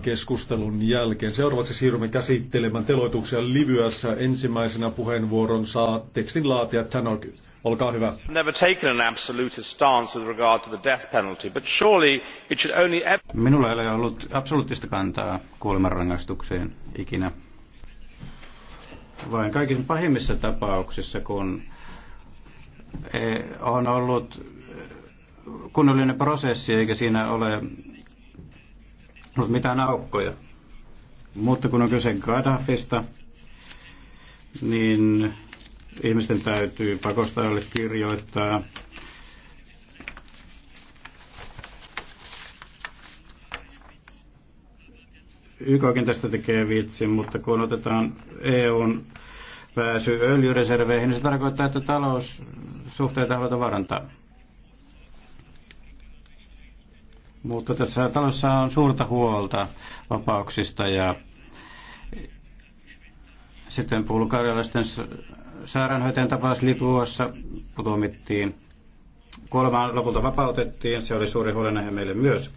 keskustelun jälkeen. Seuraavaksi siirrymme käsittelemään teloituksia Livyässä. Ensimmäisenä puheenvuoron saa tekstin laatija Tanok. Olkaa hyvä. Minulla ei ole ollut absoluuttista kantaa kuolemanrangaistukseen ikinä. Vain kaikissa pahimmissa tapauksissa, kun eh, on ollut kunnollinen prosessi eikä siinä ole ollut mitään aukkoja. Mutta kun on kyse Gaddafista, niin ihmisten täytyy pakostajalle kirjoittaa YKkin tästä tekee vitsin, mutta kun otetaan EUn pääsy öljyreserveihin, niin se tarkoittaa, että taloussuhteita halutaan varantaa. Mutta tässä talossa on suurta huolta vapauksista ja sitten bulgarialaisten sairaanhoitajan tapaus Lipuassa putomittiin. Kolmaan lopulta vapautettiin. Se oli suuri huolenaihe meille myös.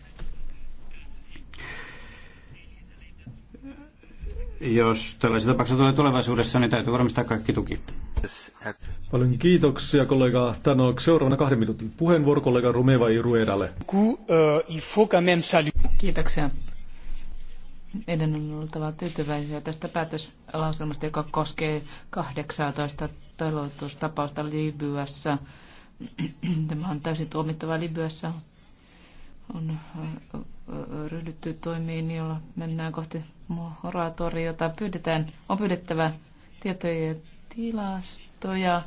Jos tällaisia tapauksia tulee tulevaisuudessa, niin täytyy varmistaa kaikki tuki. Paljon kiitoksia kollega Tanok. Seuraavana kahden minuutin puheenvuoro kollega Rumeva Iruedalle. Kiitoksia. Meidän on oltava tyytyväisiä tästä päätöslauselmasta, joka koskee 18 taloutustapausta Libyassa. Tämä on täysin tuomittava Libyassa. On ryhdytty toimiin, jolla mennään kohti moratoriota. Pyydetään, on pyydettävä tietoja ja tilastoja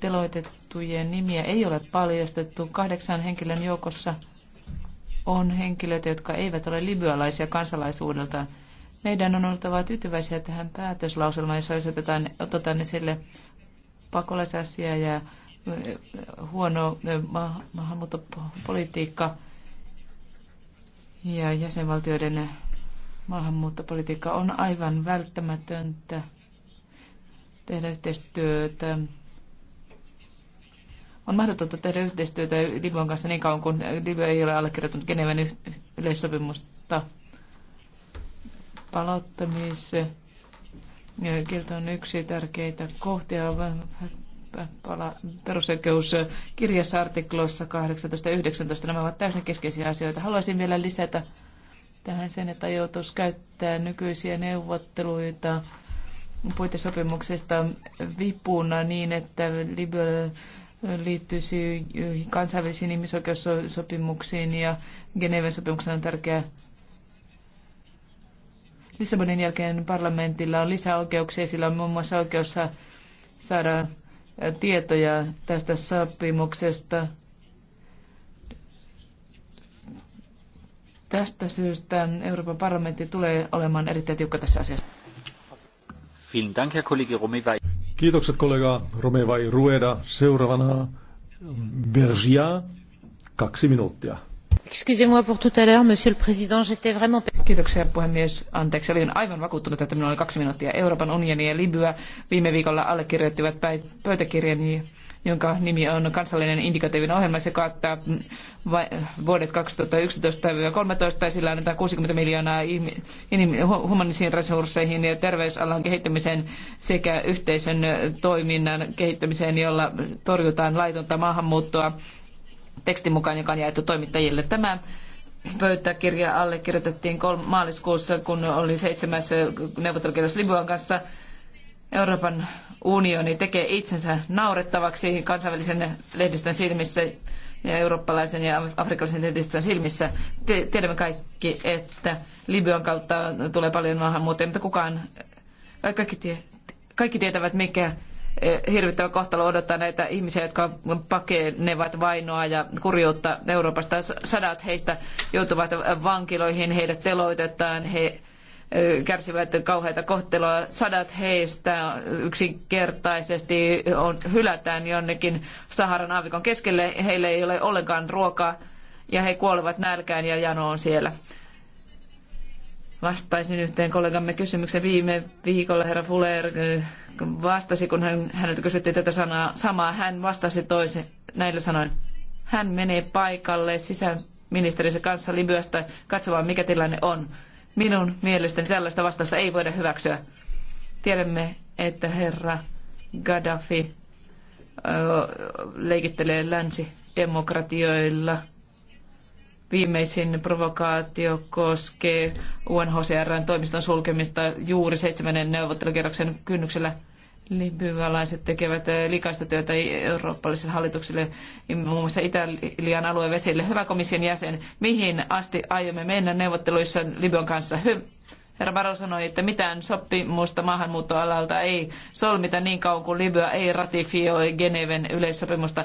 teloitettujen nimiä ei ole paljastettu. Kahdeksan henkilön joukossa on henkilöitä, jotka eivät ole libyalaisia kansalaisuudelta. Meidän on oltava tyytyväisiä tähän päätöslauselmaan, jossa otetaan, otetaan esille pakolaisasia ja huono maahanmuuttopolitiikka ja jäsenvaltioiden maahanmuuttopolitiikka on aivan välttämätöntä tehdä yhteistyötä on mahdotonta tehdä yhteistyötä Libyan kanssa niin kauan kuin Libya ei ole allekirjoittanut Geneven yleissopimusta. Palauttamis kieltä on yksi tärkeitä kohtia perusoikeuskirjassa artikloissa 18 ja 19. Nämä ovat täysin keskeisiä asioita. Haluaisin vielä lisätä tähän sen, että joutuisi käyttää nykyisiä neuvotteluita puitesopimuksesta vipuna niin, että Libyalle liittyisi kansainvälisiin ihmisoikeussopimuksiin ja Geneven sopimuksena on tärkeä Lissabonin jälkeen parlamentilla on lisää oikeuksia, sillä on muun muassa oikeus saada tietoja tästä sopimuksesta. Tästä syystä Euroopan parlamentti tulee olemaan erittäin tiukka tässä asiassa. Kiitokset kollega Romeva Rueda. Seuraavana Bergia, kaksi minuuttia. Excusez-moi pour tout à l'heure, monsieur le président, j'étais vraiment... Kiitoksia puhemies. Anteeksi, olin aivan vakuuttunut, että minulla oli kaksi minuuttia. Euroopan unioni ja Libya viime viikolla allekirjoittivat pöytäkirjan jonka nimi on kansallinen indikatiivinen ohjelma. Se kattaa vuodet 2011-2013 ja sillä annetaan 60 miljoonaa humanisiin resursseihin ja terveysalan kehittämiseen sekä yhteisön toiminnan kehittämiseen, jolla torjutaan laitonta maahanmuuttoa tekstin mukaan, joka on jaettu toimittajille. Tämä pöytäkirja allekirjoitettiin kol- maaliskuussa, kun oli seitsemässä neuvottelukierros Libyan kanssa. Euroopan unioni tekee itsensä naurettavaksi kansainvälisen lehdistön silmissä ja eurooppalaisen ja afrikkalaisen lehdistön silmissä. Tiedämme kaikki, että Libyan kautta tulee paljon maahanmuuttajia, mutta kukaan, kaikki, tie, kaikki tietävät, mikä e, hirvittävä kohtalo odottaa näitä ihmisiä, jotka pakenevat vainoa ja kurjuutta Euroopasta. Sadat heistä joutuvat vankiloihin, heidät teloitetaan, he kärsivät kauheita kohtelua. Sadat heistä yksinkertaisesti on, hylätään jonnekin Saharan aavikon keskelle. Heille ei ole ollenkaan ruokaa ja he kuolevat nälkään ja janoon siellä. Vastaisin yhteen kollegamme kysymykseen viime viikolla. Herra Fuller eh, vastasi, kun hän, häneltä kysyttiin tätä sanaa, samaa. Hän vastasi toisen näillä sanoin. Hän menee paikalle sisäministerinsä kanssa Libyasta katsomaan, mikä tilanne on. Minun mielestäni tällaista vastausta ei voida hyväksyä. Tiedämme, että herra Gaddafi leikittelee länsidemokratioilla. Viimeisin provokaatio koskee UNHCRn toimiston sulkemista juuri seitsemännen neuvottelukierroksen kynnyksellä – libyalaiset tekevät eh, likaista työtä eurooppalaisille hallituksille, muun muassa Italian aluevesille. Hyvä komission jäsen, mihin asti aiomme mennä neuvotteluissa Libyan kanssa? Hy- Herra Baro sanoi, että mitään sopimusta maahanmuuttoalalta ei solmita niin kauan kuin Libya ei ratifioi Geneven yleissopimusta.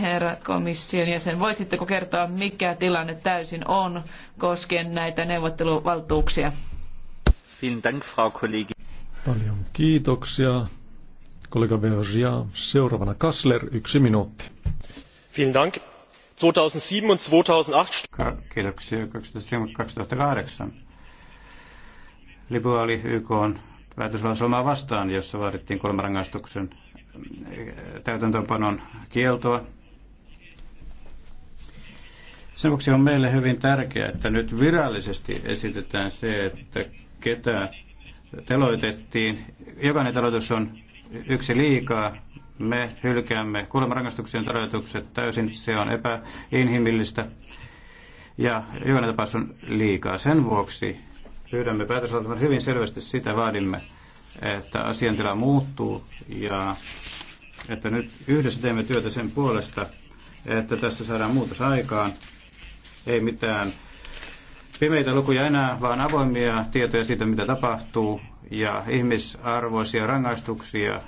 Herra komission jäsen, voisitteko kertoa, mikä tilanne täysin on koskien näitä neuvotteluvaltuuksia? Vielen Dank, Frau Kollegin. Paljon kiitoksia. Kollega Vergia, seuraavana Kassler, yksi minuutti. Vielen Dank. 2007 ja 2008... Kiitoksia. 2007-2008. Libya oli YK vastaan, jossa vaadittiin kuolemanrangaistuksen eh, täytäntöönpanon kieltoa. Sen vuoksi on meille hyvin tärkeää, että nyt virallisesti esitetään se, että ketä teloitettiin. Jokainen teloitus on yksi liikaa. Me hylkäämme kuolemanrangaistuksen teloitukset täysin. Se on epäinhimillistä ja jokainen tapaus on liikaa. Sen vuoksi pyydämme päätösvaltamme hyvin selvästi sitä vaadimme, että asiantila muuttuu ja että nyt yhdessä teemme työtä sen puolesta, että tässä saadaan muutos aikaan. Ei mitään pimeitä lukuja enää, vaan avoimia tietoja siitä, mitä tapahtuu, ja ihmisarvoisia rangaistuksia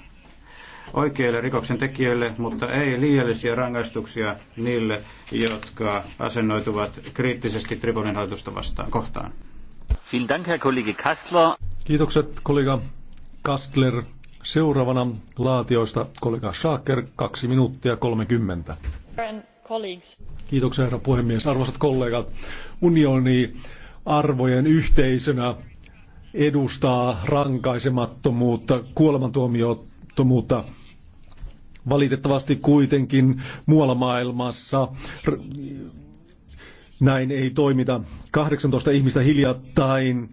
oikeille rikoksen tekijöille, mutta ei liiallisia rangaistuksia niille, jotka asennoituvat kriittisesti tribunin hallitusta vastaan kohtaan. Kiitokset kollega Kastler. Seuraavana laatioista kollega Schaker, kaksi minuuttia 30. Kiitoksia herra puhemies. Arvoisat kollegat, unioni arvojen yhteisönä edustaa rankaisemattomuutta, kuolemantuomiottomuutta. Valitettavasti kuitenkin muualla maailmassa näin ei toimita. 18 ihmistä hiljattain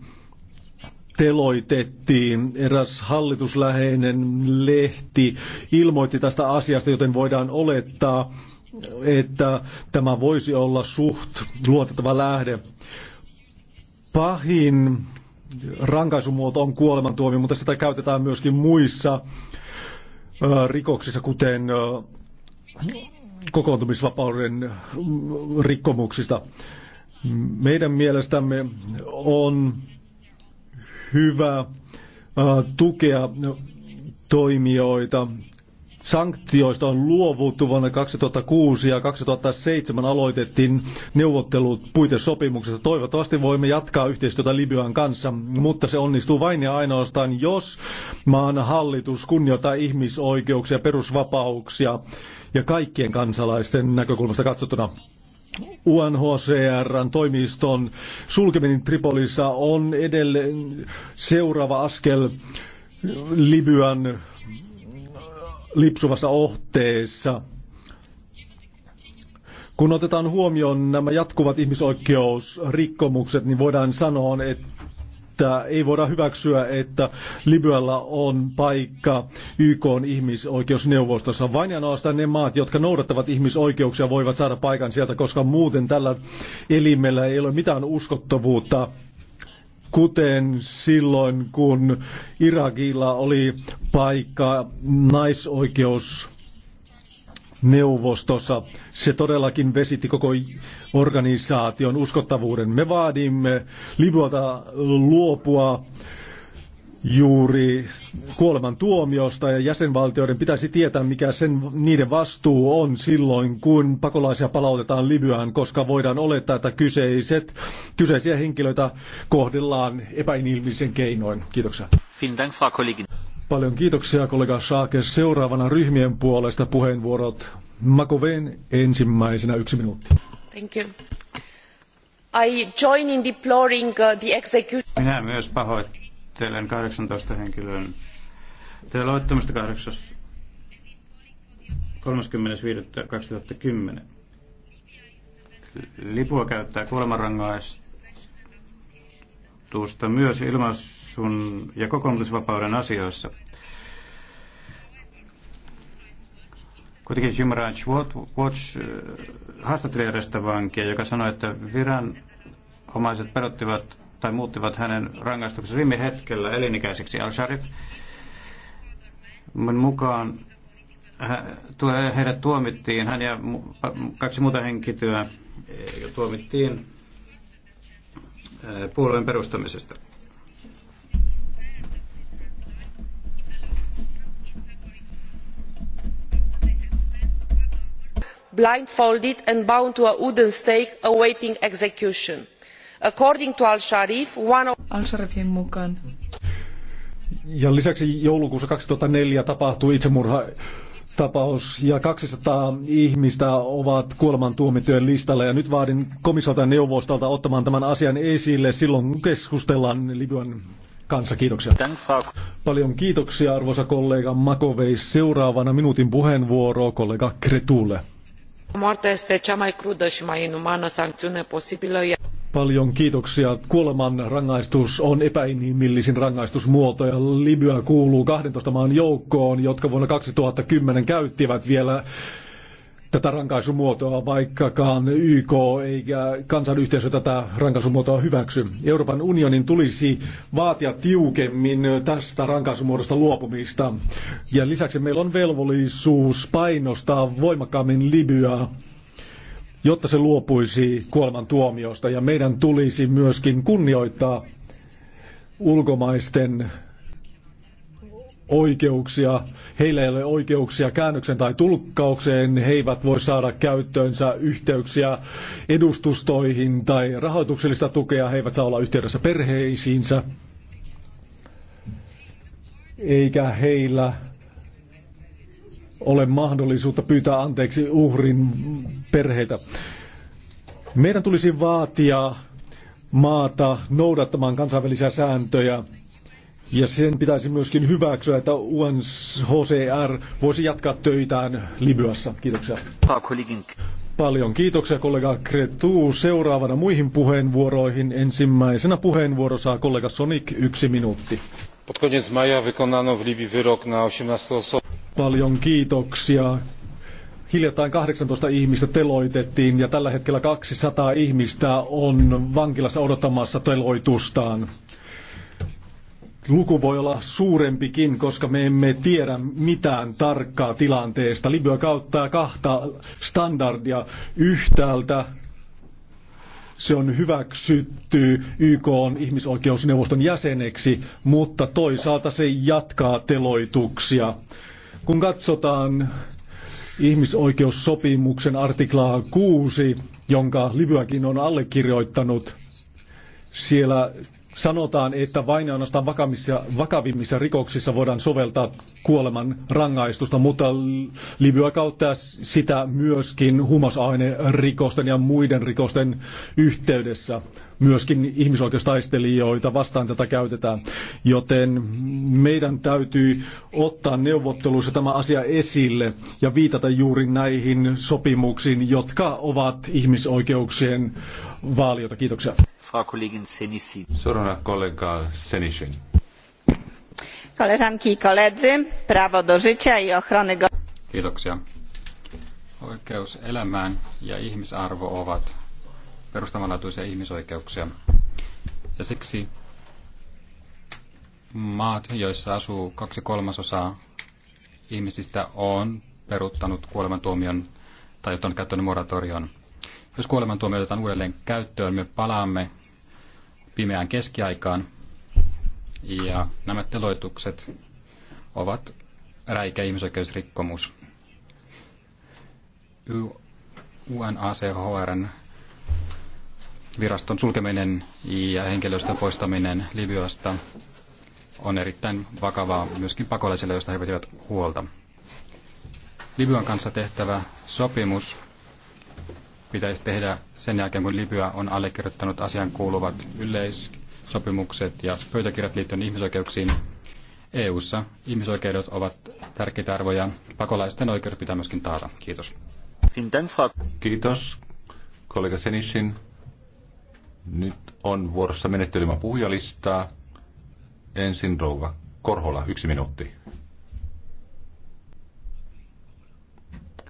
teloitettiin. Eräs hallitusläheinen lehti ilmoitti tästä asiasta, joten voidaan olettaa, että tämä voisi olla suht luotettava lähde. Pahin rankaisumuoto on kuolemantuomio, mutta sitä käytetään myöskin muissa rikoksissa, kuten kokoontumisvapauden rikkomuksista. Meidän mielestämme on hyvä tukea toimijoita Sanktioista on luovuttu vuonna 2006 ja 2007 aloitettiin neuvottelut puitesopimuksesta. Toivottavasti voimme jatkaa yhteistyötä Libyan kanssa, mutta se onnistuu vain ja ainoastaan, jos maan hallitus kunnioittaa ihmisoikeuksia, perusvapauksia ja kaikkien kansalaisten näkökulmasta katsottuna. UNHCRn toimiston sulkeminen Tripolissa on edelleen seuraava askel Libyan Lipsuvassa ohteessa. Kun otetaan huomioon nämä jatkuvat ihmisoikeusrikkomukset, niin voidaan sanoa, että ei voida hyväksyä, että Libyalla on paikka YK on ihmisoikeusneuvostossa. Vain ja ne maat, jotka noudattavat ihmisoikeuksia, voivat saada paikan sieltä, koska muuten tällä elimellä ei ole mitään uskottavuutta kuten silloin, kun Irakilla oli paikka naisoikeus neuvostossa. Se todellakin vesitti koko organisaation uskottavuuden. Me vaadimme Libyalta luopua juuri kuoleman tuomiosta ja jäsenvaltioiden pitäisi tietää, mikä sen, niiden vastuu on silloin, kun pakolaisia palautetaan Libyaan, koska voidaan olettaa, että kyseiset, kyseisiä henkilöitä kohdellaan epäinilmisen keinoin. Kiitoksia. Dank, Frau Paljon kiitoksia kollega Saake. Seuraavana ryhmien puolesta puheenvuorot. Makoveen ensimmäisenä yksi minuutti. Thank you. I join in deploring uh, the execution. Minä myös pahoittelen teille 18 henkilön teloittamista 8. 35.2010. Lipua käyttää kuolemanrangaistusta myös ilmaisun ja kokoomusvapauden asioissa. Kuitenkin Human Rights Watch äh, haastatteli edestä vankia, joka sanoi, että viran omaiset tai muuttivat hänen rangaistuksensa viime hetkellä elinikäiseksi. Al-Sharif mukaan heidät tuomittiin, hän ja kaksi muuta henkityä eh, tuomittiin eh, puolueen perustamisesta. blindfolded and bound to a wooden stake awaiting execution According to Al-Sharif, one of... Al-Sharifin mukaan. Ja lisäksi joulukuussa 2004 tapahtui itsemurha tapaus ja 200 ihmistä ovat kuolemantuomittujen listalla ja nyt vaadin komissiolta neuvostolta ottamaan tämän asian esille silloin kun keskustellaan Libyan kanssa. Kiitoksia. Paljon kiitoksia arvoisa kollega Makovei. Seuraavana minuutin puheenvuoro kollega Kretulle. Moartea este cea mai crudă și mai inumană sancțiune posibilă. Paljon kiitoksia. Kuoleman rangaistus on epäinhimillisin rangaistusmuoto ja Libya kuuluu 12 maan joukkoon, jotka vuonna 2010 käyttivät vielä tätä rankaisumuotoa, vaikkakaan YK eikä kansanyhteisö tätä rankaisumuotoa hyväksy. Euroopan unionin tulisi vaatia tiukemmin tästä rankaisumuodosta luopumista. Ja lisäksi meillä on velvollisuus painostaa voimakkaammin Libyaa jotta se luopuisi tuomiosta. Ja meidän tulisi myöskin kunnioittaa ulkomaisten oikeuksia. Heillä ei ole oikeuksia käännöksen tai tulkkaukseen. He eivät voi saada käyttöönsä yhteyksiä edustustoihin tai rahoituksellista tukea. He eivät saa olla yhteydessä perheisiinsä. Eikä heillä ole mahdollisuutta pyytää anteeksi uhrin perheiltä. Meidän tulisi vaatia maata noudattamaan kansainvälisiä sääntöjä ja sen pitäisi myöskin hyväksyä, että UNHCR voisi jatkaa töitään Libyassa. Kiitoksia. Paljon kiitoksia kollega Kretu. Seuraavana muihin puheenvuoroihin. Ensimmäisenä puheenvuoro saa kollega Sonic, yksi minuutti. Pod koniec maja wykonano w Libii wyrok na 18 osób. Paljon kiitoksia. Hiljattain 18 ihmistä teloitettiin ja tällä hetkellä 200 ihmistä on vankilassa odottamassa teloitustaan. Luku voi olla suurempikin, koska me emme tiedä mitään tarkkaa tilanteesta. Libya kauttaa kahta standardia yhtäältä. Se on hyväksytty YK on ihmisoikeusneuvoston jäseneksi, mutta toisaalta se jatkaa teloituksia. Kun katsotaan ihmisoikeussopimuksen artiklaa 6, jonka Libyäkin on allekirjoittanut, siellä sanotaan, että vain ainoastaan vakavissa, vakavimmissa rikoksissa voidaan soveltaa kuoleman rangaistusta, mutta Libya käyttää sitä myöskin huumausainerikosten ja muiden rikosten yhteydessä. Myöskin ihmisoikeustaistelijoita vastaan tätä käytetään, joten meidän täytyy ottaa neuvotteluissa tämä asia esille ja viitata juuri näihin sopimuksiin, jotka ovat ihmisoikeuksien vaaliota. Kiitoksia. Frau Kollegin Senisin. Seuraavana kollega Senisin. Koleżanki i koledzy, prawo do życia i ochrony... Kiitoksia. Oikeus elämään ja ihmisarvo ovat perustavanlaatuisia ihmisoikeuksia. Ja siksi maat, joissa asuu kaksi kolmasosaa ihmisistä, on peruuttanut kuolemantuomion tai ottanut käyttöön moratorion – jos kuolemantuomio otetaan uudelleen käyttöön, me palaamme pimeään keskiaikaan. Ja nämä teloitukset ovat räikeä ihmisoikeusrikkomus. UNACHRn viraston sulkeminen ja henkilöstön poistaminen Libyasta on erittäin vakavaa myöskin pakolaisille, joista he pitivät huolta. Libyan kanssa tehtävä sopimus pitäisi tehdä sen jälkeen, kun Libya on allekirjoittanut asian kuuluvat yleissopimukset ja pöytäkirjat liittyen ihmisoikeuksiin. EU:ssa ihmisoikeudet ovat tärkeitä arvoja. Pakolaisten oikeudet pitää myöskin taata. Kiitos. Kiitos, kollega Senishin. Nyt on vuorossa menettelymä puhujalistaa. Ensin rouva Korhola, yksi minuutti.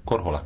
Korhola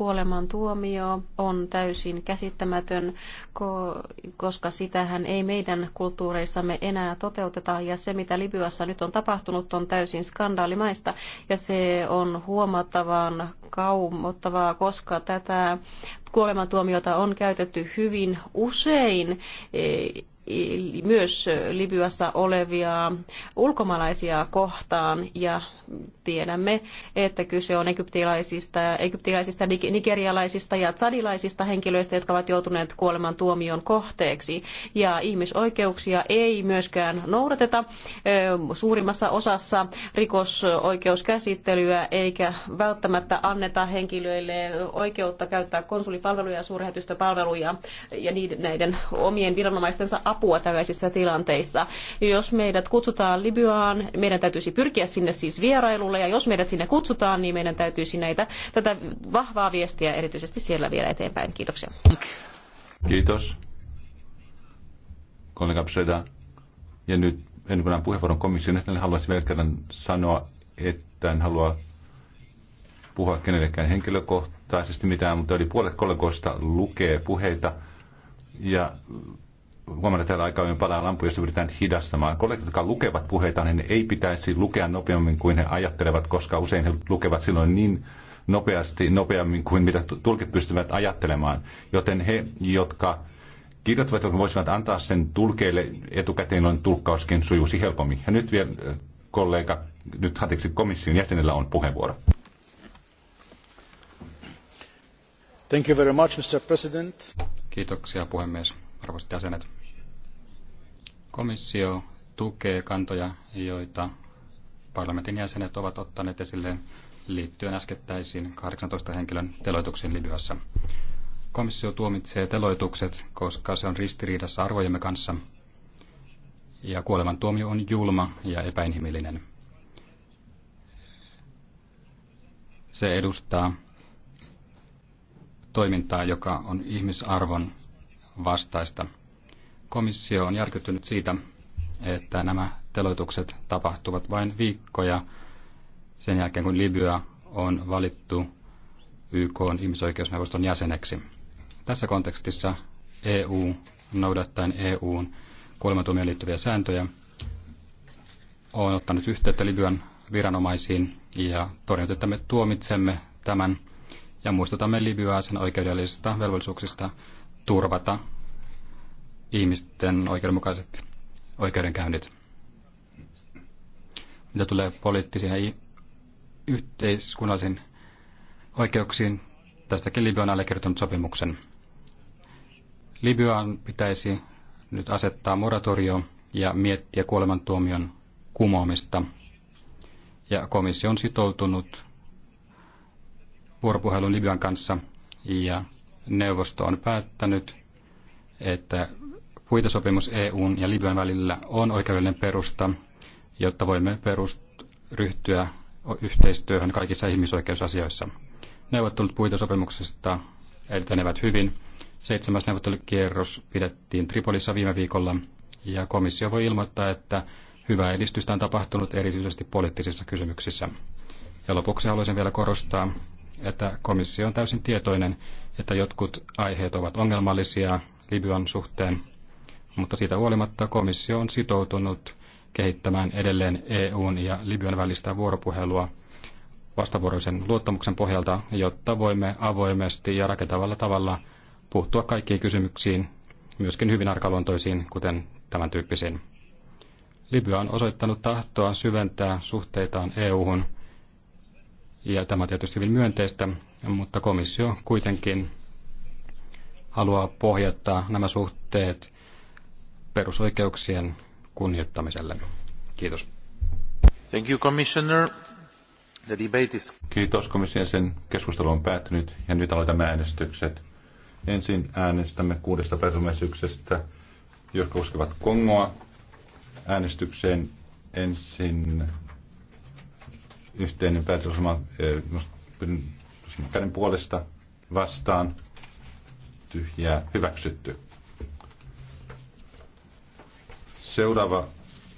kuoleman tuomio on täysin käsittämätön, koska sitähän ei meidän kulttuureissamme enää toteuteta. Ja se, mitä Libyassa nyt on tapahtunut, on täysin skandaalimaista. Ja se on huomattavan kaumottavaa, koska tätä kuolemantuomiota on käytetty hyvin usein myös Libyassa olevia ulkomaalaisia kohtaan ja tiedämme, että kyse on egyptiläisistä, egyptiläisistä nigerialaisista ja tsadilaisista henkilöistä, jotka ovat joutuneet kuoleman tuomion kohteeksi ja ihmisoikeuksia ei myöskään noudateta suurimmassa osassa rikosoikeuskäsittelyä eikä välttämättä anneta henkilöille oikeutta käyttää konsulipalveluja ja suurlähetystöpalveluja ja niiden, näiden omien viranomaistensa apua apua tällaisissa tilanteissa. Jos meidät kutsutaan Libyaan, meidän täytyisi pyrkiä sinne siis vierailulle, ja jos meidät sinne kutsutaan, niin meidän täytyisi näitä, tätä vahvaa viestiä erityisesti siellä vielä eteenpäin. Kiitoksia. Kiitos. Kollega Pseda. Ja nyt ennen kuin puheenvuoron komission, niin haluaisin vielä kerran sanoa, että en halua puhua kenellekään henkilökohtaisesti mitään, mutta yli puolet kollegoista lukee puheita ja huomenna täällä aika ajoin palaa lampu, jos yritetään hidastamaan. Kollegat, jotka lukevat puheita, niin ei pitäisi lukea nopeammin kuin he ajattelevat, koska usein he lukevat silloin niin nopeasti, nopeammin kuin mitä tulkit pystyvät ajattelemaan. Joten he, jotka kirjoittavat, jotka voisivat antaa sen tulkeille etukäteen, on tulkkauskin sujuisi helpommin. Ja nyt vielä äh, kollega, nyt hatiksi komission jäsenellä on puheenvuoro. Thank you very much, Mr. President. Kiitoksia puhemies, arvoisat jäsenet. Komissio tukee kantoja, joita parlamentin jäsenet ovat ottaneet esille liittyen äskettäisiin 18 henkilön teloituksiin Libyassa. Komissio tuomitsee teloitukset, koska se on ristiriidassa arvojemme kanssa, ja kuolemantuomio on julma ja epäinhimillinen. Se edustaa toimintaa, joka on ihmisarvon vastaista – Komissio on järkyttynyt siitä, että nämä teloitukset tapahtuvat vain viikkoja sen jälkeen, kun Libya on valittu YK on ihmisoikeusneuvoston jäseneksi. Tässä kontekstissa EU, noudattaen EUn kuolemantuomioon liittyviä sääntöjä, on ottanut yhteyttä Libyan viranomaisiin ja todennut, että me tuomitsemme tämän ja muistutamme Libyaa sen oikeudellisista velvollisuuksista turvata ihmisten oikeudenmukaiset oikeudenkäynnit. Mitä tulee poliittisiin ja yhteiskunnallisiin oikeuksiin, tästäkin Libya on allekirjoittanut sopimuksen. Libyaan pitäisi nyt asettaa moratorio ja miettiä kuolemantuomion kumoamista. Ja komissio on sitoutunut vuoropuhelun Libyan kanssa ja neuvosto on päättänyt, että Puitesopimus EUn ja Libyan välillä on oikeudellinen perusta, jotta voimme perust- ryhtyä yhteistyöhön kaikissa ihmisoikeusasioissa. Neuvottelut puitesopimuksesta etenevät hyvin. Seitsemäs neuvottelukierros pidettiin Tripolissa viime viikolla ja komissio voi ilmoittaa, että hyvää edistystä on tapahtunut erityisesti poliittisissa kysymyksissä. Ja lopuksi haluaisin vielä korostaa, että komissio on täysin tietoinen, että jotkut aiheet ovat ongelmallisia Libyan suhteen, mutta siitä huolimatta komissio on sitoutunut kehittämään edelleen EUn ja Libyan välistä vuoropuhelua vastavuoroisen luottamuksen pohjalta, jotta voimme avoimesti ja rakentavalla tavalla puuttua kaikkiin kysymyksiin, myöskin hyvin arkaluontoisiin, kuten tämän tyyppisiin. Libya on osoittanut tahtoa syventää suhteitaan EUhun, ja tämä on tietysti hyvin myönteistä, mutta komissio kuitenkin haluaa pohjattaa nämä suhteet perusoikeuksien kunnioittamiselle. Kiitos. Thank you, Commissioner. The debate is... Kiitos komission sen keskustelu on päättynyt ja nyt aloitamme äänestykset. Ensin äänestämme kuudesta päätösmäisyksestä, jotka koskevat Kongoa. Äänestykseen ensin yhteinen päätösosama eh, käden puolesta vastaan tyhjää hyväksytty. Seuraava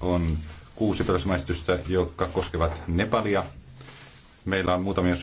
on kuusi perusmaistusta, jotka koskevat Nepalia. Meillä on muutamia